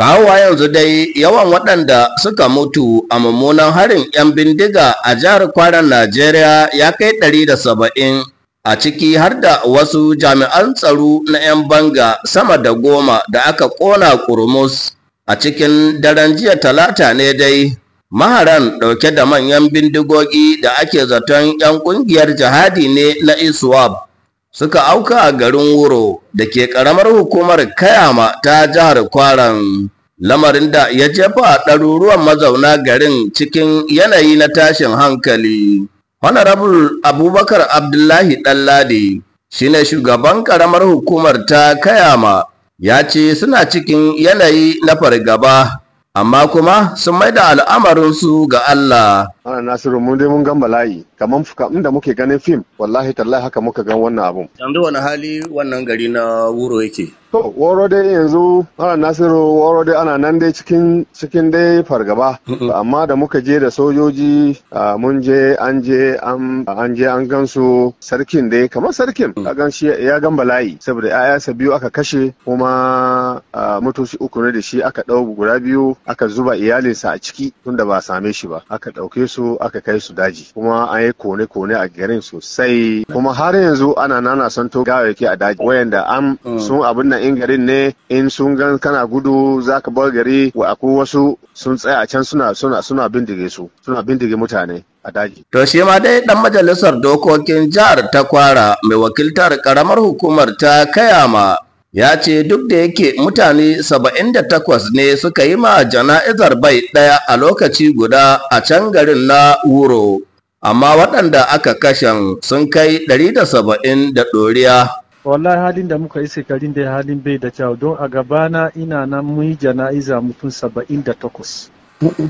kawowa yanzu dai yawan waɗanda suka mutu a mummunan harin 'yan bindiga a jihar kwaran najeriya ya kai 170 a ciki har da wasu jami'an tsaro na 'yan banga sama da goma da aka ƙona kurmus a cikin daren jiya talata ne dai maharan ɗauke da manyan bindigogi da ake zaton 'yan ƙungiyar jihadi ne na iswap suka auka a garin wuro da ke ƙaramar hukumar kayama ta jihar kwaran lamarin da ya jefa a ɗaruruwan mazauna garin cikin yanayi na tashin hankali honorable abubakar abdullahi ɗanladi shine shugaban ƙaramar hukumar ta kayama ya ce suna cikin yanayi na fargaba amma kuma sun maida al'amarinsu ga allah nasiru mun dai gan bala'i kamar inda muke ganin fim wallahi tallahi haka muka gan wannan abun yanzu wani hali wannan gari na wuro yake to woro dai yanzu ana nasiru woro dai ana nan dai cikin cikin dai fargaba amma da muka je da sojoji mun je an je an je an gan su sarkin dai kamar sarkin mm. ya gan shi ya gan bala'i saboda sa biyu aka kashe kuma motoci uku ne da shi aka ɗau guda biyu aka zuba iyalinsa a ciki tunda ba same shi ba aka ɗauke su aka kai su daji kuma an yi kone-kone a garin sosai kuma har yanzu ana nana son to yake a daji wayanda an mm. sun abin nan in garin ne in sun gan kana gudu zaka bar gari wa aku wasu sun tsaya a can suna suna suna bindige su suna bindige mutane a daji. To shi ma dai dan majalisar dokokin jihar ta kwara mai wakiltar karamar hukumar ta kayama ya ce duk da yake mutane 78 ne suka yi ma jana'izar bai ɗaya a lokaci guda a can garin na wuro amma waɗanda aka kashen sun kai 170 da ɗoriya wallahi halin da muka isa karin da halin bai da kyau don a gabana ina nan mun yi jana'iza mutum saba'in da takwas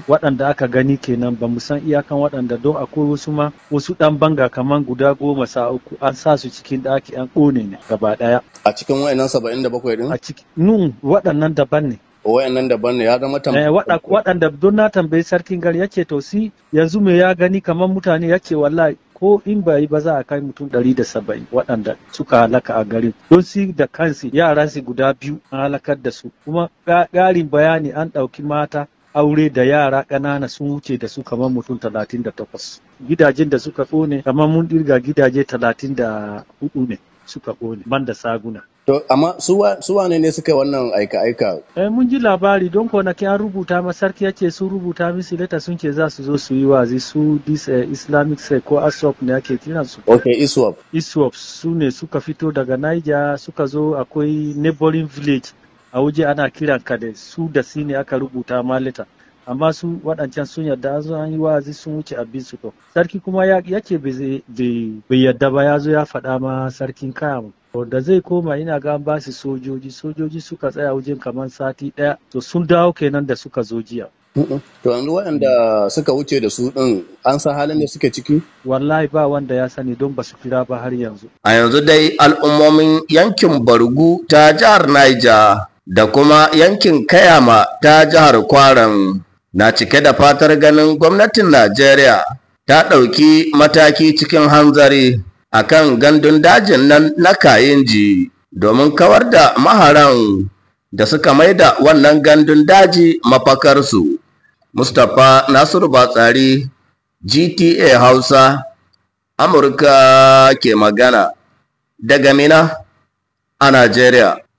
waɗanda aka gani kenan ba mu san iyakan waɗanda don akwai wasu ma wasu ɗan banga kamar guda goma sa uku an sa su cikin ɗaki an ƙone ne gaba ɗaya a cikin wa'annan saba'in da bakwai ɗin a cikin nun waɗannan daban ne wayannan daban ne ya zama tambaya eh, waɗanda don na tambayi sarkin gari yace to si yanzu me ya gani kamar mutane yace wallahi ko in bai ba za a kai mutum saba'in waɗanda suka halaka a garin don si da kansi yaran su guda biyu an halakar da su kuma ƙarin bayani an ɗauki mata aure da yara ƙanana sun wuce da su kamar mutum 38 gidajen da suka ƙone kamar mun ɗirga gidaje 34 ne suka ƙone Man da saguna To, amma su wane ne suka wannan aika-aika? Eh, mun ji labari don kwanakin an rubuta ma sarki ya sun rubuta misi, leta sun ce za su zo su yi wazi su dis eh, Islamic sai ko ISWAP ne ake kiran su. Ok, ISWAP. ISWAP su ne suka fito daga Niger suka zo akwai neighboring village a waje ana kiran ka da su da su ne aka rubuta ma leta. amma su waɗancan sun yarda an zo an yi wazi sun wuce abin su to sarki kuma ya ce bai yarda ba ya zo ya faɗa ma sarkin kaya mu Wanda zai koma ina ga an basu sojoji sojoji suka tsaya wajen kamar sati ɗaya to sun dawo kenan da suka zo jiya To yanzu waɗanda suka wuce da su ɗin an san halin da suke ciki? Wallahi ba wanda ya sani don ba su kira ba har yanzu. A yanzu dai al'ummomin yankin Bargu ta jihar Naija da kuma yankin Kayama ta jihar Kwaran na cike da fatar ganin gwamnatin Najeriya ta ɗauki mataki cikin hanzari Akan gandun dajin nan na kayinji domin kawar da maharan da suka maida wannan gandun daji mafakarsu. Mustapha Nasiru Batsari, GTA Hausa, Amurka ke magana daga Mina a Najeriya.